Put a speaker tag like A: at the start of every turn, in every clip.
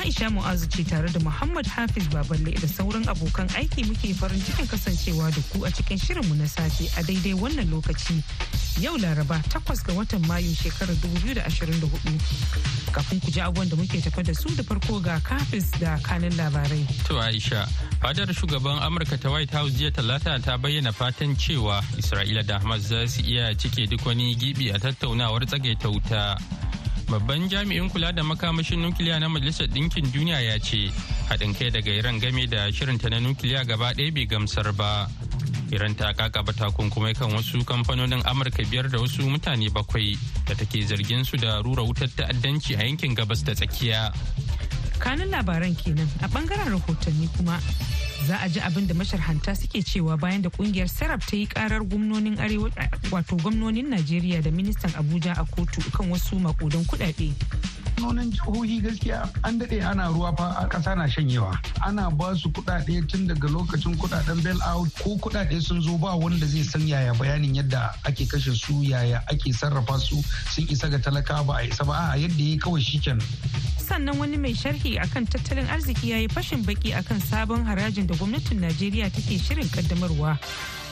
A: Aisha Mu'azu ce tare da Muhammad Hafiz Baballe da sauran abokan aiki muke farin cikin kasancewa da ku a cikin shirinmu na safe a daidai wannan lokaci. Yau Laraba takwas ga watan Mayu shekarar 2024. Kafin ku ji abubuwan da muke tafa da su da farko ga Kafis da kanin labarai.
B: To Aisha, fadar shugaban Amurka ta White House jiya talata ta bayyana fatan cewa Isra'ila da Hamas za su iya cike duk wani gibi a tattaunawar tsagaita wuta. babban jami'in kula da makamashin nukiliya na majalisar ɗinkin duniya ya ce haɗin kai daga iran game da shirinta na nukiliya gaba ɗaya bai gamsar ba iran ta kakaba takunkumai kan wasu kamfanonin amurka biyar da wasu mutane bakwai da take zargin su da rura wutar ta'addanci a yankin gabas da tsakiya
A: kanun labaran kenan a bangaren rahotanni kuma za a ji abin da masharhanta suke cewa bayan da kungiyar sarab ta yi karar gwamnonin wato gwamnonin najeriya da ministan abuja a kotu kan wasu makudan kudade
C: gwamnonin jihohi gaskiya an daɗe ana ruwa fa a ƙasa na shanyewa ana ba su kuɗaɗe tun daga lokacin kuɗaɗen bail out ko kuɗaɗe sun zo ba wanda zai san yaya bayanin yadda ake kashe su yaya ake sarrafa su sun isa ga talaka ba a isa ba a yadda ya kawai shikenan.
A: sannan wani mai sharhi akan tattalin arziki ya yi fashin baki akan sabon harajin da gwamnatin najeriya take shirin kaddamarwa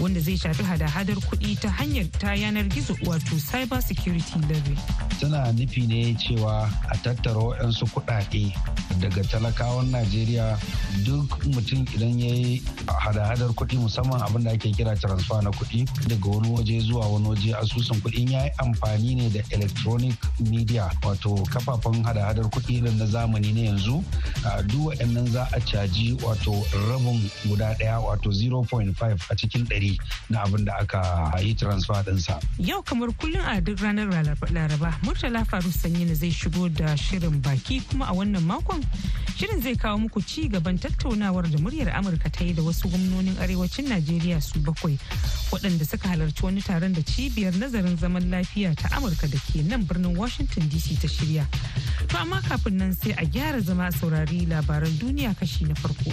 A: wanda zai shafi hada-hadar kuɗi ta hanyar ta yanar gizo wato cyber security levy
C: tana nufi ne cewa a tattara waɗansu kuɗaɗe daga talakawan najeriya duk mutum idan ya yi hada-hadar kuɗi musamman abin da ake kira transfer na kuɗi daga wani waje zuwa wani waje asusun kuɗin ya yi amfani ne da electronic media wato kafafen hada-hadar kuɗi irin na zamani na yanzu duk waɗannan za a caji wato rabin guda ɗaya wato 0.5 a cikin ɗari na abin da aka yi transfer ɗinsa.
A: Yau kamar kullum a duk ranar Laraba, Murtala Faru Sanyi zai shigo da da shirin baki kuma a wannan makon shirin zai kawo muku ci gaban tattaunawar da muryar amurka ta yi da wasu gwamnonin arewacin najeriya su bakwai waɗanda suka halarci wani taron da cibiyar nazarin zaman lafiya ta amurka da ke nan birnin washington dc ta shirya to amma kafin nan sai a gyara zama saurari labaran duniya kashi na farko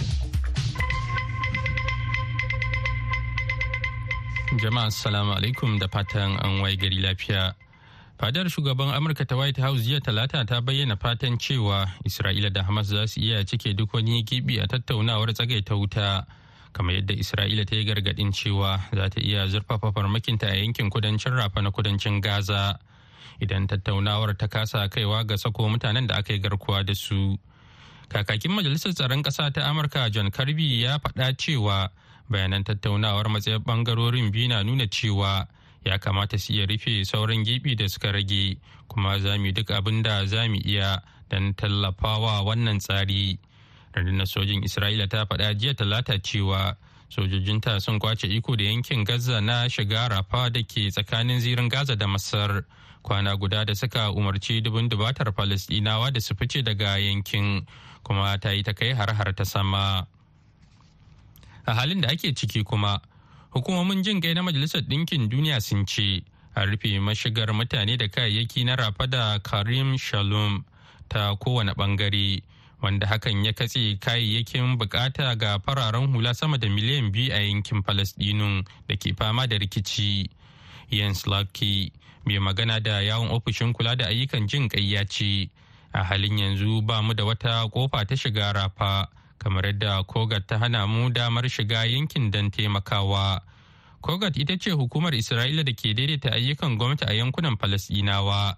B: jama'a assalamu alaikum da fatan an wai gari lafiya fadar shugaban amurka ta white house jiya talata ta bayyana fatan cewa isra'ila da hamas za su iya cike duk wani gibi a tattaunawar tsagaita wuta kamar yadda isra'ila ta yi gargadin cewa za ta iya zurfafa farmakinta a yankin kudancin rafa na kudancin gaza idan tattaunawar ta kasa kaiwa ga sako mutanen da aka yi garkuwa da su kakakin majalisar tsaron ƙasa ta amurka john Karbi ya faɗa cewa bayanan tattaunawar matsayin ɓangarorin biyu na nuna cewa ya kamata su iya rufe sauran gibi da suka rage kuma za mu duk abin da za mu iya don tallafawa wannan tsari rundunar sojin isra'ila ta faɗa jiya talata cewa sojojinta sun kwace iko da yankin gaza na shiga rafa da ke tsakanin zirin gaza da masar kwana guda da suka umarci dubin dubatar falastinawa da su fice daga yankin kuma ta yi ta kai har-har ta sama a halin da ake ciki kuma hukumomin jin kai na majalisar ɗinkin duniya sun ce a rufe mashigar mutane da kayayyaki na rafa da karim shalom ta kowane ɓangare wanda hakan ya katse kayayyakin bukata ga fararen hula sama da miliyan biyu a yankin Falasdinu da ke fama da rikici Yans Lucky mai magana da yawon ofishin kula da ayyukan jin kai ya ce a halin yanzu ba mu da wata kofa ta shiga rafa kamar yadda kogar ta hana mu damar shiga yankin don taimakawa kogat ita ce hukumar isra'ila da ke daidaita ayyukan gwamnati a yankunan falasɗinawa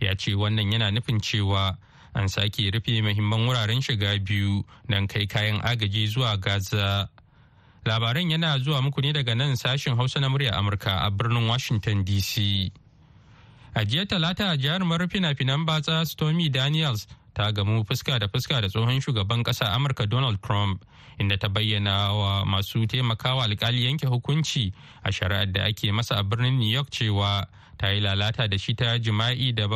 B: ya ce wannan yana nufin cewa an sake rufe muhimman wuraren shiga biyu don kai kayan agaji zuwa gaza labaran yana zuwa muku ne daga nan sashen hausa na murya amurka a birnin washington dc a jiya talata jarumar fina-finan batsa stormy daniels ta gamu fuska da fuska da tsohon shugaban ƙasa amurka donald trump inda ta bayyana wa masu taimakawa alkali yanke hukunci a shari'ar da ake masa a birnin new york cewa ta yi lalata da shi ta jima'i da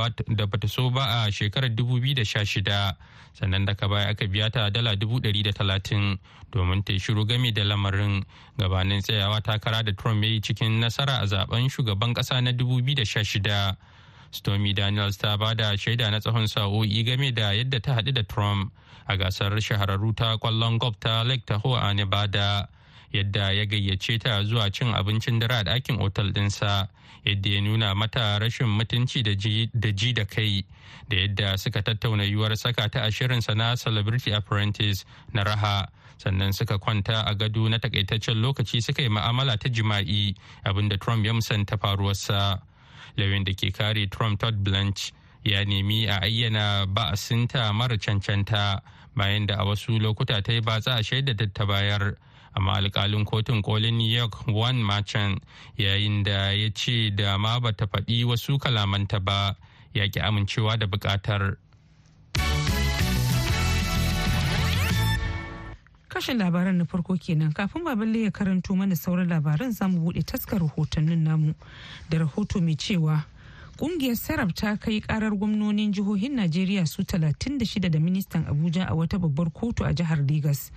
B: bata so ba a shekarar 2016 sannan daga baya aka biya ta dala 130 domin ta shiru game da lamarin gabanin tsayawa takara da trump ya yi cikin nasara a zaben shugaban ƙasa na 2016 stormy daniels ta ba da shaida na tsawon sa'o'i game da yadda ta haɗu da trump a gasar shahararru ta kwallon golf ta lake tahoe a nevada yadda ya gayyace ta zuwa cin abincin dare a ɗakin otal ɗinsa yadda ya nuna mata rashin mutunci da ji da kai da yadda suka tattauna yiwuwar saka ta a shirinsa na celebrity apprentice na raha sannan suka kwanta a gado na takaitaccen lokaci suka yi ma'amala ta jima'i abinda trump ya musanta faruwarsa. lauyan da ke kare trump todd blanche ya nemi a ayyana ba'asinta mara cancanta bayan da a wasu lokuta ta yi batsa a shaidar ta bayar amma alkalin kotun kolin new york one machan yayin da ya ce da ma bata faɗi wasu kalamanta ba ya ki amincewa da buƙatar
A: Kashin labaran na farko kenan kafin baballe ya karanto mana sauran labaran za mu buɗe taskar rahotannin namu da rahoto mai cewa kungiyar sarab ta kai karar gwamnonin jihohin najeriya su 36 da ministan abuja a wata babbar kotu a jihar Legas.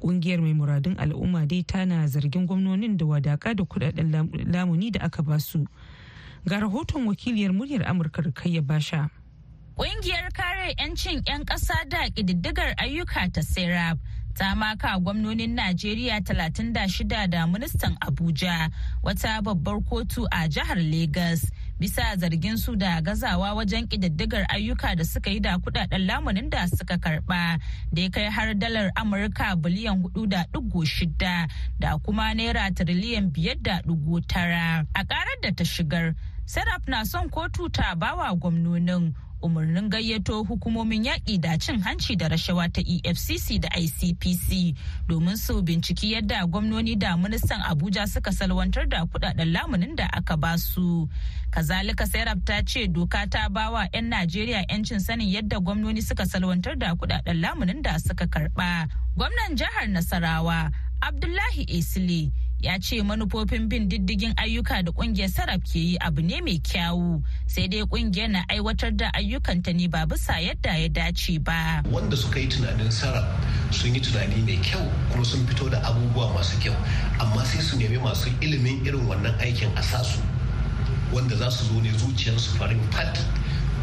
A: kungiyar mai muradun al'umma dai tana zargin gwamnonin da wadaka da kudaden lamuni da aka ba su. ga rahoton wakiliyar muryar amurka rikayya basha
D: Ƙungiyar kare 'yancin 'yan ƙasa da ƙididdigar ayyuka ta Serap ta maka gwamnonin Najeriya 36 da ministan Abuja wata babbar kotu a jihar Legas bisa zargin su da gazawa wajen ƙididdigar ayyuka da suka yi da kudaden lamunin da suka karba da ya kai har dalar Amurka biliyan 4.6 da kuma naira tiriliyan 5.9 a karar da ta shigar. Sarraf na son kotu ta bawa gwamnonin umarnin gayyato hukumomin yaƙi da cin hanci da rashawa ta efcc da icpc domin su binciki yadda gwamnoni da ministan abuja suka salwantar da kudaden lamunin da aka ba su kazalika serap ta ce doka ta bawa 'yan najeriya 'yancin sanin yadda gwamnoni suka salwantar da kudaden lamunin da suka karba gwamnan jihar nasarawa abdullahi esile ya ce manufofin bin diddigin ayyuka da kungiyar sarraf ke yi abu ne mai kyawu sai dai kungiyar na aiwatar da ayyukanta ne ba bisa yadda ya dace ba
E: wanda suka yi tunanin sarraf sun yi tunani mai kyau kuma sun fito da abubuwa masu kyau amma sai su nemi masu ilimin irin wannan aikin a sasu wanda za su zo ne zuciyarsu farin fat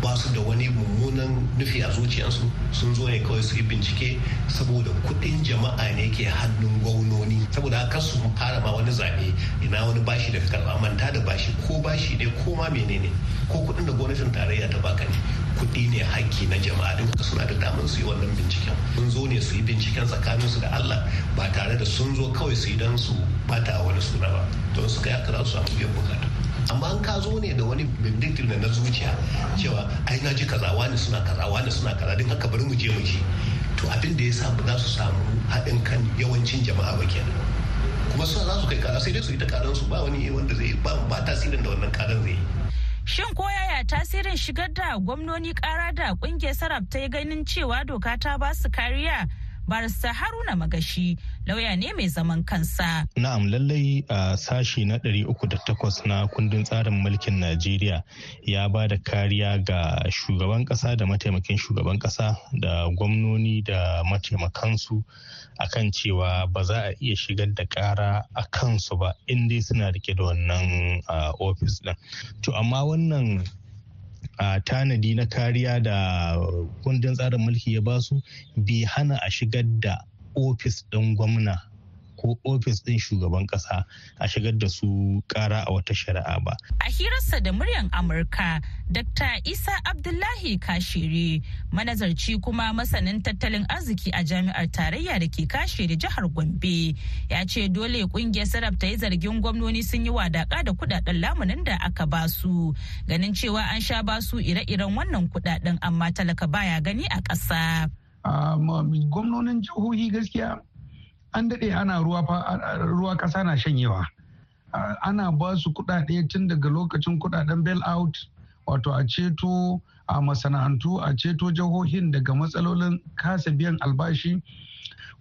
E: ba su da wani mummunan nufi a zuciyarsu sun zo ne kawai su yi bincike saboda kuɗin jama'a ne ke hannun gwamnoni saboda haka su fara ma wani zaɓe ina wani bashi da karɓa manta da bashi ko bashi ne ko ma menene ko kuɗin da gwamnatin tarayya ta baka ne kuɗi ne haƙƙi na jama'a din suna da damar su yi wannan binciken sun zo ne su yi binciken tsakaninsu da Allah ba tare da sun zo kawai su yi don su bata wani suna ba don su kai aka za su samu biyan bukata amma an ka zo ne da wani vindictive na zuciya cewa ai na ji kaza wani suna kaza wani suna kaza din haka bari mu je mu ji to abin da ya samu za su samu haɗin kan yawancin jama'a ba kenan kuma suna za su kai kaza sai dai su yi ta karan su ba wani eh wanda zai ba ba tasirin da wannan karan zai yi
D: Shin ko yaya tasirin shigar da gwamnoni kara da kungiyar sarraf ta yi ganin cewa doka ta ba su kariya barista haruna magashi lauya ne mai zaman kansa
C: na'am lallai a sashi na 308 na kundin tsarin mulkin najeriya ya ba da kariya ga shugaban kasa da mataimakin shugaban kasa da gwamnoni da mataimakansu a kan cewa ba za a iya shigar da kara a kansu ba in suna rike da wannan ofis din to amma wannan a tanadi na kariya da kundin tsarin mulki ya basu bi hana a shigar da ofis ɗin gwamna ko ofis ɗin shugaban ƙasa a shigar da su ƙara a wata shari'a ba.
D: A hirarsa da muryan Amurka, Dr. Isa Abdullahi Kashiri, manazarci kuma masanin tattalin arziki a jami'ar tarayya da ke Kashiri jihar Gombe, ya ce dole ƙungiyar sarraf ta yi zargin gwamnoni sun yi wadaƙa da kuɗaɗen lamunin da aka ba su, ganin cewa an sha ba su ire-iren wannan kuɗaɗen, amma talaka baya gani a ƙasa. Ah, gwamnonin jihohi
C: gaskiya an daɗe ana ruwa ƙasa na shanyewa ana ba su kuɗaɗe tun daga lokacin kuɗaɗen bail out wato a ceto a masana'antu a ceto jihohin daga matsalolin kasa biyan albashi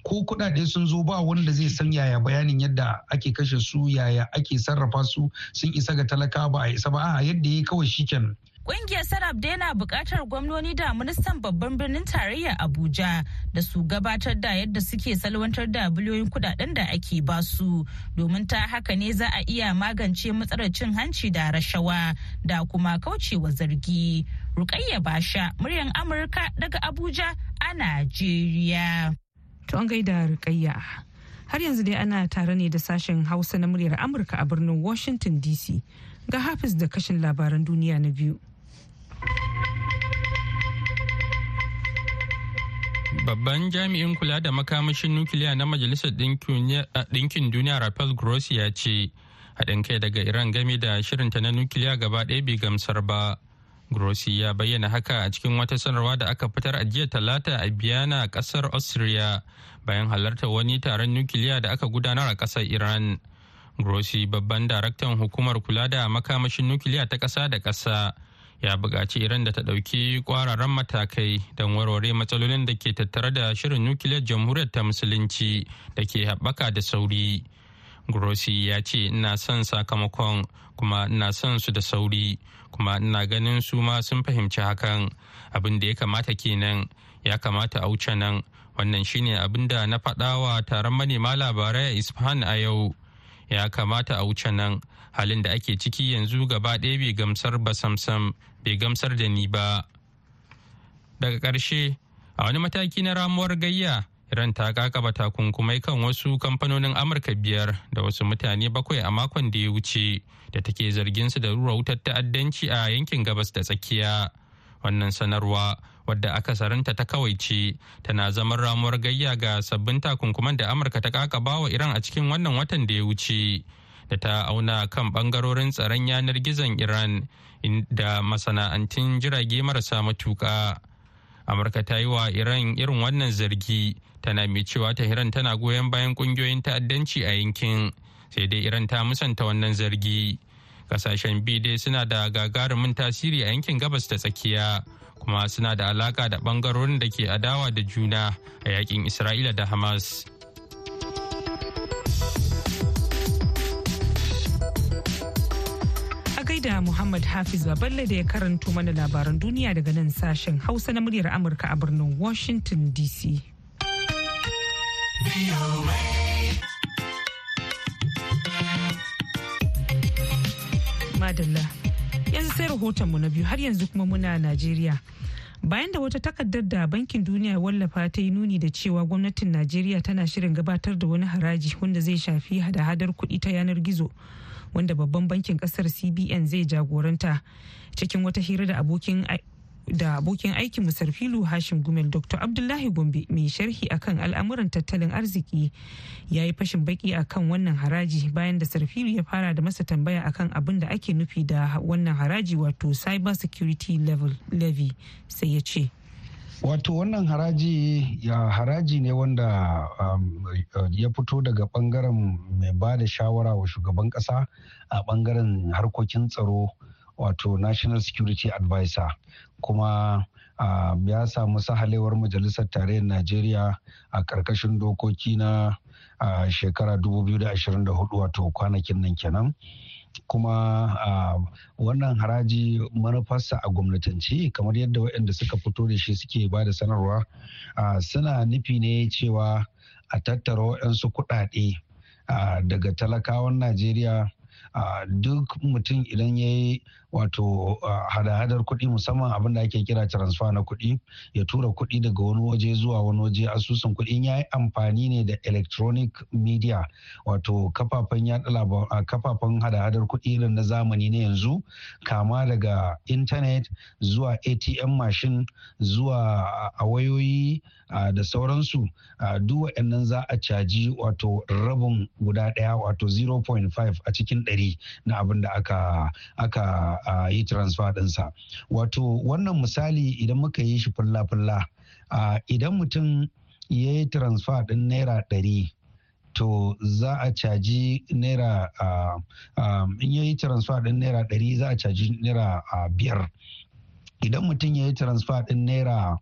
C: ko kuɗaɗe sun zo ba wanda zai san yaya bayanin yadda ake kashe su yaya ake sarrafa su sun isa ga talaka ba a isa ba a yadda ya kawai shiken.
D: Ƙungiyar Sarab dai na buƙatar gwamnoni da ministan babban birnin tarayya Abuja da su gabatar da yadda suke salwantar da biliyoyin kudaden da ake basu domin ta haka ne za a iya magance matsalar cin hanci da rashawa da kuma kaucewa zargi. Rukayya Basha, muryar Amurka daga Abuja a Najeriya. To an
A: gaida Rukayya. Har yanzu dai ana tare ne da sashen Hausa na muryar Amurka a birnin Washington DC. Ga Hafiz da kashin labaran duniya na biyu.
B: Babban jami'in kula da makamashin nukiliya na Majalisar Ɗinkin Duniya Rafael Grossi ya ce, haɗin kai daga Iran game da shirinta na nukiliya gaba ɗaya bai gamsar ba. Grossi ya bayyana haka a cikin wata sanarwa da aka fitar a jiya talata a Biyana ƙasar Austria bayan halartar wani taron nukiliya da aka gudanar a ƙasar Iran. Grossi babban daraktan hukumar kula da makamashin nukiliya ta ƙasa da ƙasa. ya buƙaci iran da ta ɗauki ƙwararren matakai don warware matsalolin da ke tattare da shirin nukiliyar jamhuriyar ta musulunci da ke haɓaka da sauri grossi ya ce ina son sakamakon kuma ina son su da sauri kuma ina ganin su ma sun fahimci hakan abin da ya kamata kenan ya kamata a wuce nan wannan shine abin da na faɗawa taron manema labarai a isfahan a yau ya kamata a wuce nan halin da ake ciki yanzu gaba ɗaya bai gamsar ba samsam bai gamsar da ni ba daga ƙarshe a wani mataki na ramuwar gayya iran ta kakaba takunkumai kan wasu kamfanonin amurka biyar da wasu mutane bakwai a makon da ya wuce da take zargin su da rura wutar ta'addanci a yankin gabas da tsakiya wannan sanarwa wadda akasarinta ta kawai ce tana zaman ramuwar gayya ga sabbin takunkuman da amurka ta kakaba wa iran a cikin wannan watan da ya wuce da ta auna kan bangarorin tsaron yanar gizon iran da masana'antun jirage marasa matuka amurka ta yi wa iran irin wannan zargi tana mai cewa tahiran tana goyon bayan kungiyoyin ta'addanci a yankin sai dai iran ta musanta wannan zargi kasashen biyu dai suna da gagarumin tasiri a yankin gabas ta tsakiya kuma suna da alaka da bangarorin da ke adawa da juna a yakin isra'ila da hamas
A: a muhammad hafiz baballe da ya karanto mana labaran duniya daga nan sashen hausa na muryar amurka a birnin washington dc madalla sai rahotonmu na biyu har yanzu kuma muna Najeriya. Bayan da wata takardar da bankin duniya wallafa ta yi nuni da cewa gwamnatin Najeriya tana shirin gabatar da wani haraji wanda zai shafi hada-hadar kuɗi ta yanar gizo. wanda babban bankin ƙasar cbn zai jagoranta cikin wata hira da abokin da abokin aikin musarfilu hashim gumel dr abdullahi gombe mai sharhi akan al'amuran tattalin arziki ya yi fashin baki akan wannan haraji bayan da sarfilu ya fara da masa tambaya akan abin da ake nufi da wannan haraji wato cyber security level levy sai ya ce
C: wato wannan haraji ya haraji ne wanda um, ya fito daga bangaren mai ba da shawara wa shugaban kasa a bangaren harkokin tsaro wato national security advisor kuma ya samu sahalewar majalisar tarayyar najeriya a ƙarƙashin dokoki na shekara 2024 wato kwanakin nan kenan kuma wannan haraji manufarsa a gwamnatanci kamar yadda waɗanda suka fito da shi suke ba da sanarwa suna nufi ne cewa a tattara waɗansu kuɗaɗe daga talakawan najeriya duk mutum idan ya yi wato hada-hadar kuɗi musamman abin da ake kira transfer na kuɗi ya tura kuɗi daga wani waje zuwa wani waje asusun kuɗi ya yi amfani ne da electronic media wato kafafen kafafen hada-hadar kuɗi irin na zamani na yanzu kama daga intanet zuwa atm mashin zuwa a wayoyi da sauransu duk waɗannan za a caji wato rabin guda ɗaya wato 0.5 a cikin ɗari na abin da aka aka a yi transfer ɗinsa wato wannan misali idan muka yi shi fulla-fulla idan mutum ya yi transfer ɗin naira ɗari to za a caji naira in ya yi transfer ɗin naira ɗari za a caji naira biyar idan mutum ya yi transfer ɗin naira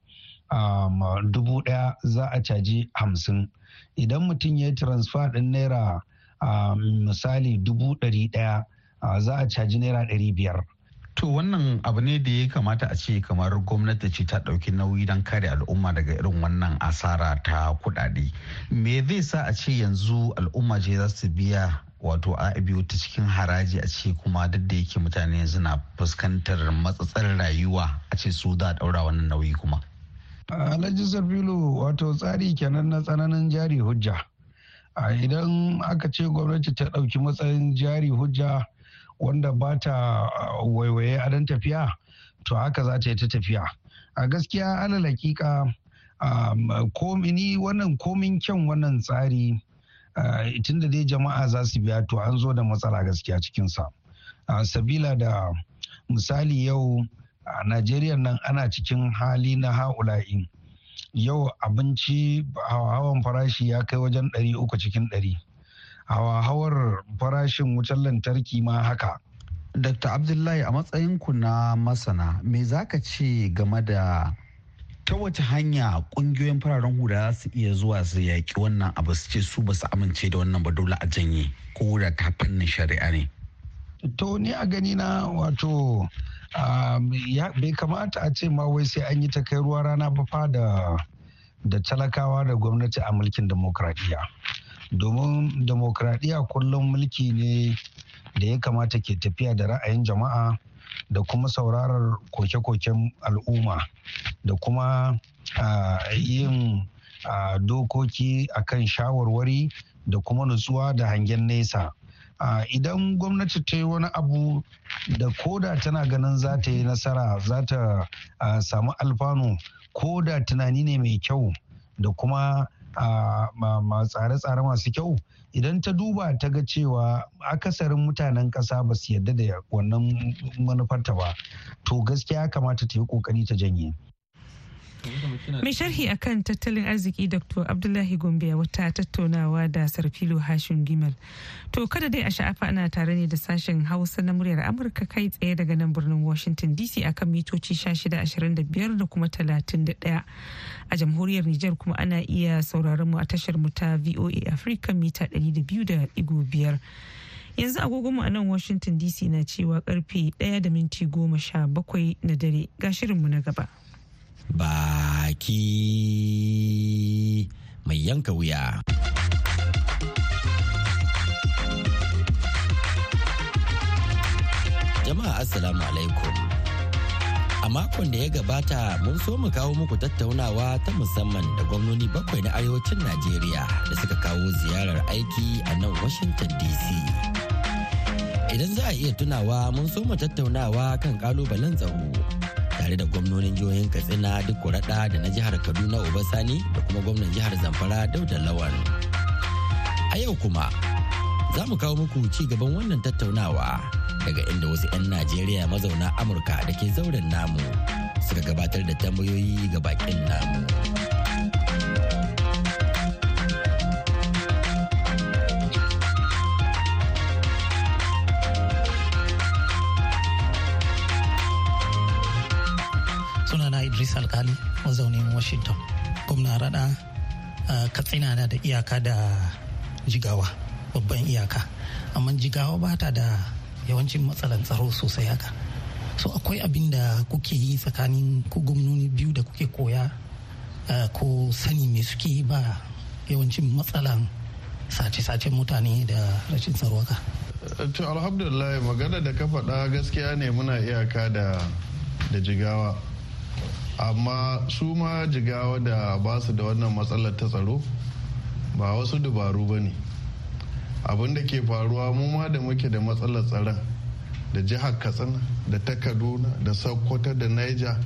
C: dubu ɗaya za a caji hamsin idan mutum ya yi transfer ɗin naira misali dubu ɗari ɗaya za a caji naira ɗari biyar. To wannan abu ne da ya kamata a ce kamar gwamnati ce ta ɗauki nauyi don kare al'umma daga irin wannan asara ta kuɗaɗe. Me zai sa a ce yanzu al'umma ce za su biya wato a biyu ta cikin haraji a ce kuma duk da yake mutane yanzu na fuskantar matsatsar rayuwa a ce su za ɗaura wannan nauyi kuma. Alhaji Sarfilu wato tsari kenan na tsananin jari hujja. A Idan aka ce gwamnati ta ɗauki matsayin jari hujja wanda ba ta uh, waiwaye adon tafiya to haka za ta yi ta tafiya a gaskiya ana lakika um, ni wannan komin kyan wannan tsari uh, tun da dai jama'a za su biya to an zo da matsala gaskiya cikinsa uh, sabila da misali yau a najeriya nan ana cikin hali na ha'ula'i yau abinci hawan farashi ya kai wajen 300 cikin ɗari. hawar farashin wutar lantarki ma haka. Dr. Abdullahi a matsayinku na masana me za ka ce game da ta wace hanya kungiyoyin fararen hula su iya zuwa su yaƙi wannan abu su ce su ba amince da wannan ba dole a janye ko da ta fannin shari'a ne. To ni a gani na wato um, bai kamata a ce ma wai sai an yi ta kai ruwa rana ba fa da talakawa da gwamnati a mulkin demokradiyya. domin demokradiyya kullum mulki ne da ya kamata ke tafiya da ra'ayin jama'a da kuma saurarar koke-koken al'umma da kuma yin dokoki a kan shawarwari da kuma nutsuwa da hangen nesa idan gwamnati ta yi wani abu da koda tana ganin za ta yi nasara za ta samu alfanu koda tunani ne mai kyau da kuma a tsare-tsare masu kyau idan ta duba ta ga cewa akasarin mutanen ƙasa ba su yadda da wannan manufarta ba to gaskiya kamata ta yi ƙoƙari ta janye
A: Mai sharhi akan tattalin arziki Dr. Abdullahi Gombe wata tattaunawa da Sarfilo Hashim Gimel. To kada dai a sha'afa ana tare ne da sashen Hausa na muryar Amurka kai tsaye daga nan birnin Washington DC akan mitoci 1625 da kuma 31. A jamhuriyar Nijar kuma ana iya sauraron mu a tashar mu ta VOA Africa mita biyar yanzu agogonmu a nan washington dc na cewa karfe 1 da minti goma sha bakwai na dare ga shirinmu na gaba
F: baki mai yanka wuya. Jama'a Assalamu alaikum. A makon da ya gabata mun so mu kawo muku tattaunawa ta musamman da gwamnoni bakwai na arewacin Najeriya da suka kawo ziyarar aiki a nan Washington DC. idan za a iya tunawa mun so mu tattaunawa kan kalubalen tsaro tare da gwamnonin jihohin katsina duk kuraɗa da na jihar kaduna obasani da kuma gwamnan jihar zamfara dauda lawan a yau kuma za mu kawo muku ci gaban wannan tattaunawa daga inda wasu 'yan najeriya mazauna amurka da ke zauren namu suka gabatar da tambayoyi ga bakin namu.
D: washington gwamna rada katsina na da iyaka da jigawa babban iyaka amma jigawa ba ta da yawancin matsalan tsaro sosai haka so akwai abin da kuke yi tsakanin ku gwamnoni biyu da kuke koya ko sani mai suke yi ba yawancin matsalan sace sace mutane da rashin tsaro haka
G: to alhamdulillah magana da ka faɗa gaskiya ne muna iyaka da jigawa amma su ma jigawa da ba su da wannan matsalar ta tsaro ba wasu dubaru ba ne abin da ke faruwa mu ma da muke da matsalar tsaron da jihar katsina da ta kaduna da sokoto da niger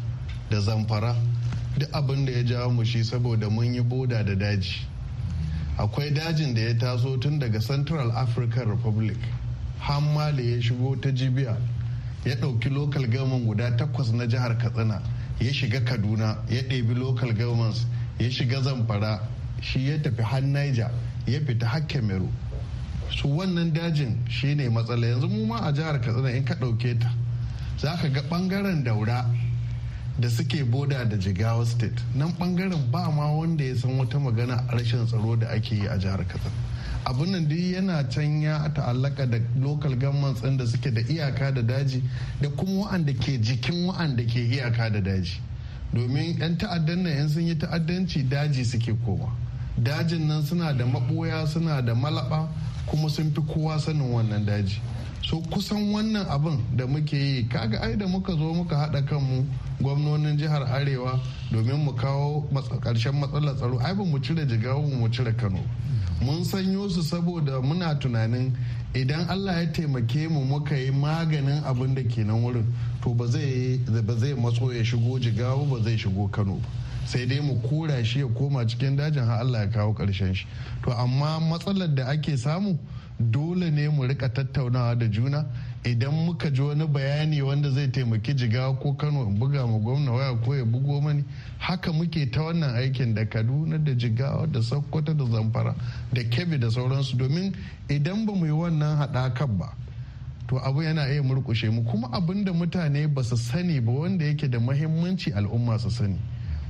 G: da zamfara duk abin da ya jawo mu shi saboda mun yi boda da daji akwai dajin da ya taso tun daga central african republic mali ya shigo ta jibiya ya ɗauki lokal gaman guda takwas na jihar katsina ya shiga kaduna ya ɗebi local governments ya shiga zamfara shi ya tafi har niger ya fita har cameroon su wannan dajin shine matsala yanzu mu ma a jihar katsina in ka ɗauke ta za ka ga ɓangaren daura da suke boda da jigawa state nan ɓangaren ba ma wanda ya san wata magana rashin tsaro da ake yi a jihar katsina abin nan yana can ya ta'allaka da local governments da suke da iyaka da daji da kuma wa'anda ke jikin wa'anda ke iyaka da daji domin 'yan ta'addan nan 'yan sun yi ta'addanci daji suke koma dajin nan suna da maboya suna da malaba kuma sun fi kowa sanin wannan daji so kusan wannan abin da muke yi kaga ai da muka zo muka haɗa kanmu gwamnonin jihar arewa domin mu kawo ƙarshen matsalar tsaro ai ba mu cire jigawa mu cire kano mun sanyo su saboda muna tunanin idan allah ya taimake mu muka yi maganin abin da ke nan wurin to ba zai matso ya shigo jigawa ba zai shigo kano ba sai dai mu kura shi ya koma cikin dajin har allah ya kawo karshen shi to amma matsalar da ake samu dole ne mu rika tattaunawa da juna idan muka ji wani bayani wanda zai taimaki jiga ko kano in buga ma gwamna waya ko ya bugo mani haka muke ta wannan aikin da kaduna da jigawa da sokoto da zamfara da kebe da sauransu domin idan ba mu yi wannan haɗakan ba to abu yana iya murkushe mu kuma abin da mutane ba su sani ba wanda yake da mahimmanci al'umma su sani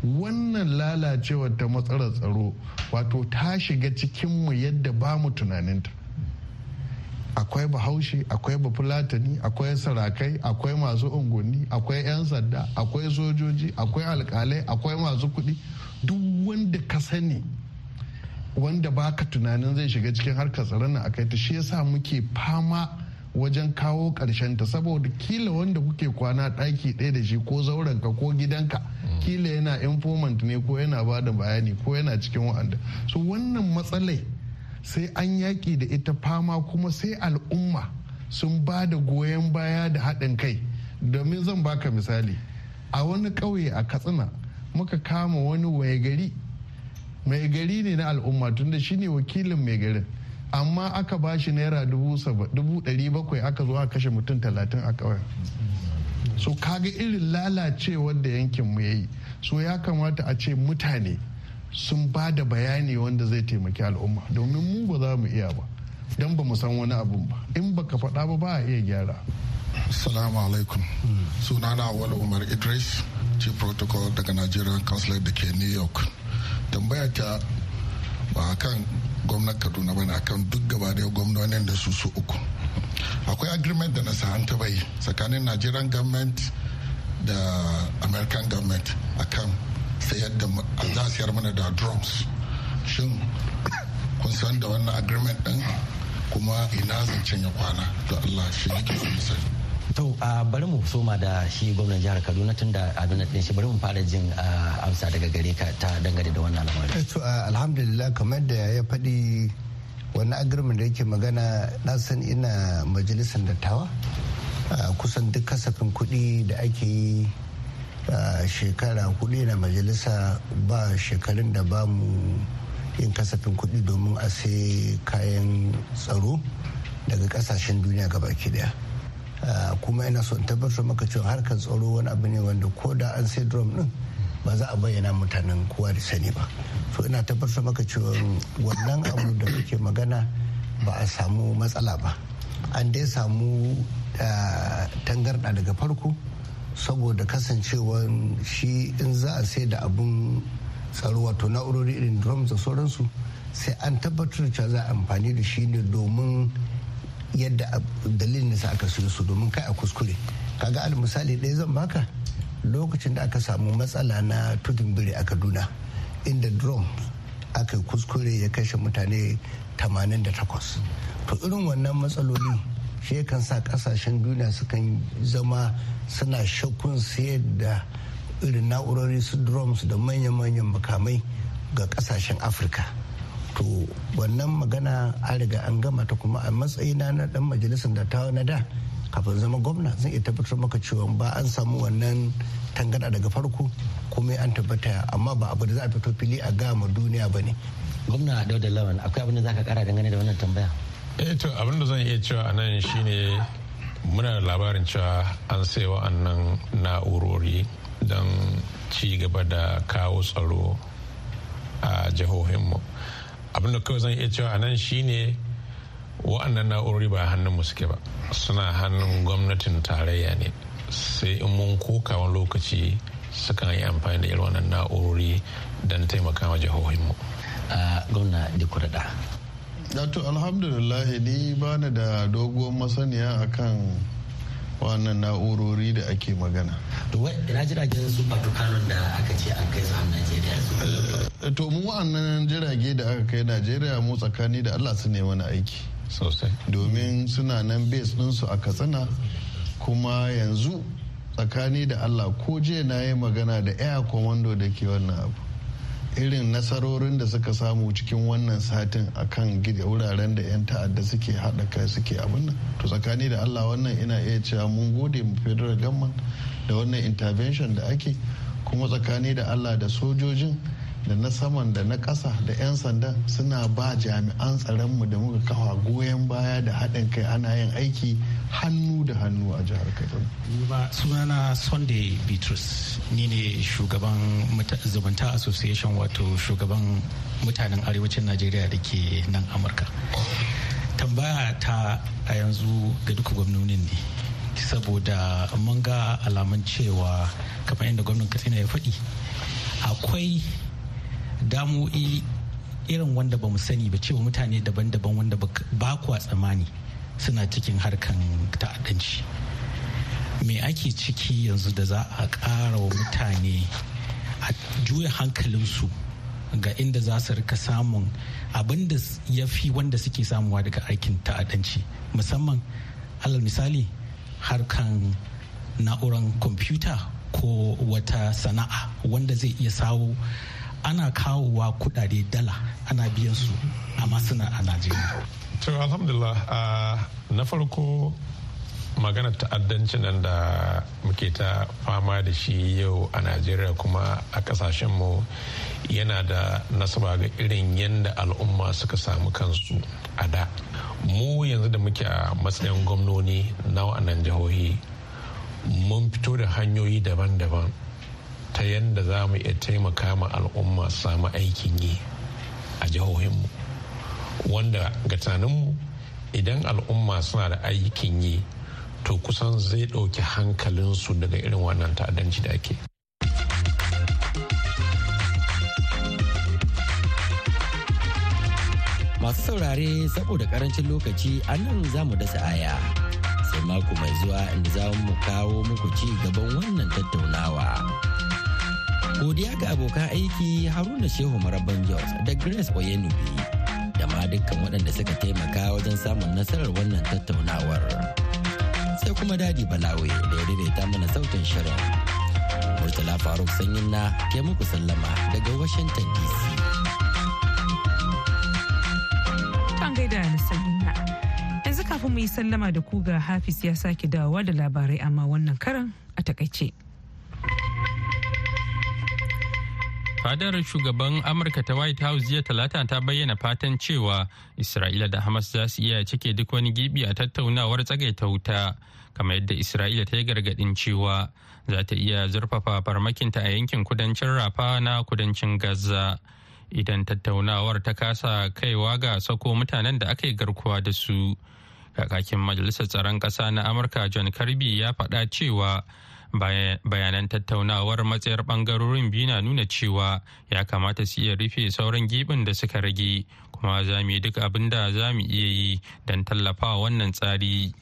G: wannan lalacewar ta matsalar tsaro wato ta shiga cikinmu yadda ba mu tunaninta akwai bahaushe akwai bafulatani akwai sarakai akwai masu unguwanni akwai 'yan sanda akwai sojoji akwai alkalai akwai masu kuɗi duk wanda ka sani wanda baka tunanin zai shiga cikin harkar tsaron a kai ta shi yasa muke fama wajen kawo karshen ta saboda kila wanda kuke kwana daki ɗaya da shi ko zaurenka ko gidanka kila yana informant ne ko yana bada bayani ko yana cikin wa'anda so wannan matsalai sai an yaƙi da ita fama kuma sai al'umma sun ba da goyon baya da haɗin kai domin zan baka misali a wani ƙauye a katsina muka kama wani waye gari mai gari ne na al'umma tunda shine wakilin mai garin amma aka ba shi naira dubu bakwai aka zo a kashe mutum talatin a ƙauyen so kaga irin lalacewar da yankin mu yayi so ya kamata a ce mutane sun ba da bayani wanda zai taimaki al'umma domin mu ba za mu iya ba don ba mu san wani abun ba in baka faɗa ba ba a iya gyara salamu alaikum hmm. na wani umar idris chief protocol daga nigerian consulate da ke new york tambaya ta ba kan gwamnan kaduna ba kan duk gaba da gwamnonin da su su uku akwai agreement da na sa'an bai tsakanin nigerian government da american government sayar da za mana da drums shin kun san da wannan agreement din kuma ina zancen ya kwana to Allah shi nake son sani
F: To bari mu soma da shi gwamnan jihar Kaduna tun da abin din shi bari mu fara jin amsa daga gare ka ta dangane da wannan lamarin.
E: Eh, to alhamdulillah kamar da ya faɗi wani agreement da yake magana na san ina majalisar dattawa kusan duk kasafin kuɗi da ake yi shekara kuɗi na majalisa ba shekarun da ba mu yin kasafin kuɗi domin a sai kayan tsaro daga kasashen duniya baki daya kuma ina son tabbatar maka cewa harkar tsaro wani abu ne wanda ko da an sai drum din ba za a bayyana mutanen kowa da sani ba so ina tabbatar maka cewa wannan abu da kake magana ba a samu matsala ba an dai samu tangarɗa daga farko saboda kasancewar shi in za a sai da abun tsaro wato na'urori irin drums da sauransu sai an tabbatar da za a amfani da shi ne domin yadda dalilin da aka siyo su domin kai a kuskure kaga al misali ɗaya zan baka lokacin da aka samu matsala na tudun biri a kaduna inda drum aka kuskure ya kashe mutane 88 to irin wannan matsaloli shi kan sa kasashen duniya sukan zama suna shakun sayar da irin na'urori su drums da manya-manyan makamai ga kasashen afirka to wannan magana an riga an gama ta kuma a matsayina na dan majalisar da ta na da kafin zama gwamna zan iya tabbatar maka cewa ba an samu wannan tangana daga farko kuma an tabbata amma ba abu da za a fito fili a gama duniya ba ne
F: gwamna dauda lawan akwai abin da za ka kara dangane da wannan tambaya
H: eh to abin da zan iya cewa a nan shine muna da labarin cewa an sai wa'annan na'urori don ci gaba da kawo tsaro a jihohinmu abin da kawai zan iya cewa a nan shine wa'annan na'urori ba hannun mu suke ba suna hannun gwamnatin tarayya ne sai in mun koka wani lokaci suka yi amfani da irin wannan na'urori don taimaka taimakawa jihohinmu
F: ah, gwamna dikuraɗa
G: to alhamdulillah ni bani da doguwar masaniya akan wannan na'urori da ake magana. To ina jiragen su Batukanon
F: da aka ce an kai su Najeriya
G: eh, To mu wa'annan jirage da aka kai Najeriya mu tsakani da Allah su ne mana aiki. Sosai. Domin suna nan base ɗinsu a Katsina kuma yanzu tsakani da Allah ko je na yi magana da Air Commando da ke wannan abu. irin nasarorin da suka samu cikin wannan satin kan gida wuraren da 'yan ta'adda suke haɗa kai suke abin nan to tsakani da allah wannan ina iya cewa mun gode mu federal gamman da wannan intervention da ake kuma tsakani da allah da sojojin da na saman da na ƙasa da 'yan sanda suna ba jami'an tsaronmu da muka kafa goyon baya da haɗin kai ana yin aiki hannu da hannu a jihar
F: kaduna. sunana sunday bitrus ni ne shugaban zumunta association wato shugaban mutanen arewacin najeriya da ke nan amurka tambaya ta a yanzu ga duka gwamnonin ne saboda mun ga alamun cewa kamar yadda gwamnan katsina ya faɗi akwai damo'i irin wanda ba mu sani ba cewa mutane daban-daban wanda ba kuwa tsammani suna cikin harkan ta'addanci me ake ciki yanzu da za a ƙara wa mutane a juya hankalinsu ga inda za su rika samun abin da ya fi wanda suke samuwa daga aikin ta'addanci musamman alal misali harkan na'uran kwamfuta ko wata sana'a wanda zai iya sawo ana kawowa kudade dala ana biyan su a masana a najeriya
H: to alhamdulillah na farko maganar ta'addanci nan da muke ta fama da shi yau a najeriya kuma a kasashen mu yana da nasaba ga irin yadda al'umma suka samu kansu a da mu yanzu da muke a matsayin gwamnoni na wa'annan jihohi mun fito da hanyoyi daban-daban ta yadda za mu iya taimaka ma al'umma su samu aikin yi a jihohinmu wanda ga tunaninmu idan al'umma suna da aikin yi to kusan zai ɗauki hankalinsu daga irin wannan ta'addanci da ake
F: masu saurare saboda karancin lokaci a nan za mu dasa aya sai mako mai zuwa inda za mu kawo muku ci gaban wannan tattaunawa Godiya ga abokan aiki Haruna Shehu maraban Jos da Grace Oyenubi da ma dukkan waɗanda suka taimaka wajen samun nasarar wannan tattaunawar. Sai kuma Dadi Balawe da ya daidaita mana sautin shirin. Murtala Faruk Sanyin na ke muku sallama daga Washington DC.
A: Yanzu kafin mu yi sallama da ku ga Hafiz ya sake dawowa da labarai amma wannan karan a takaice.
B: fadar shugaban amurka ta white house jiya talata ta bayyana fatan cewa isra'ila da hamas za su iya cike duk wani gibi a tattaunawar tsagaita wuta kamar yadda isra'ila ta yi gargadin cewa za ta iya zurfafa farmakinta a yankin kudancin rafa na kudancin gaza idan tattaunawar ta kasa kaiwa ga sako mutanen da aka yi garkuwa da su kakakin majalisar tsaron ƙasa na amurka john kirby ya faɗa cewa bayanan tattaunawar matsayar bangarorin biyu na nuna cewa ya kamata su iya rufe sauran gibin da suka rage kuma za mu yi duk abin da za mu iya yi don tallafa wannan tsari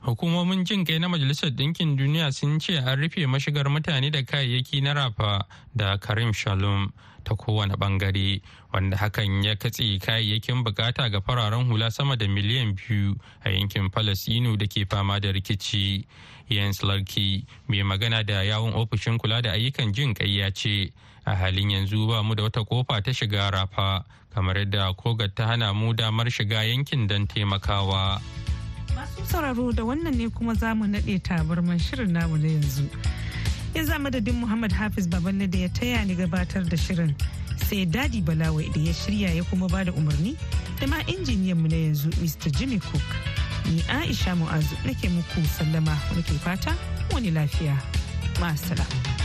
B: hukumomin jin kai na majalisar ɗinkin duniya sun ce an rufe mashigar mutane da kayayyaki na rafa da karim shalom ta kowane bangare wanda hakan ya katse kayayyakin bukata ga fararen hula sama da miliyan biyu a yankin falasino da ke fama da rikici Jens Larki mai magana da yawon ofishin kula da ayyukan jin kai ya ce a halin yanzu ba mu da wata kofa ta shiga rafa kamar yadda kogar ta hana mu damar shiga yankin don taimakawa.
A: Masu sauraro da wannan ne kuma za mu naɗe tabarman shirin namu na yanzu. Ya za madadin Muhammad Hafiz babanne da ya taya ni gabatar da shirin sai Dadi Balawai da ya shirya ya kuma ba da umarni da ma injiniyanmu na yanzu Mr. Jimmy Cook. ni aisha mu'azu nake muku sallama wani ke fata wani lafiya Masala.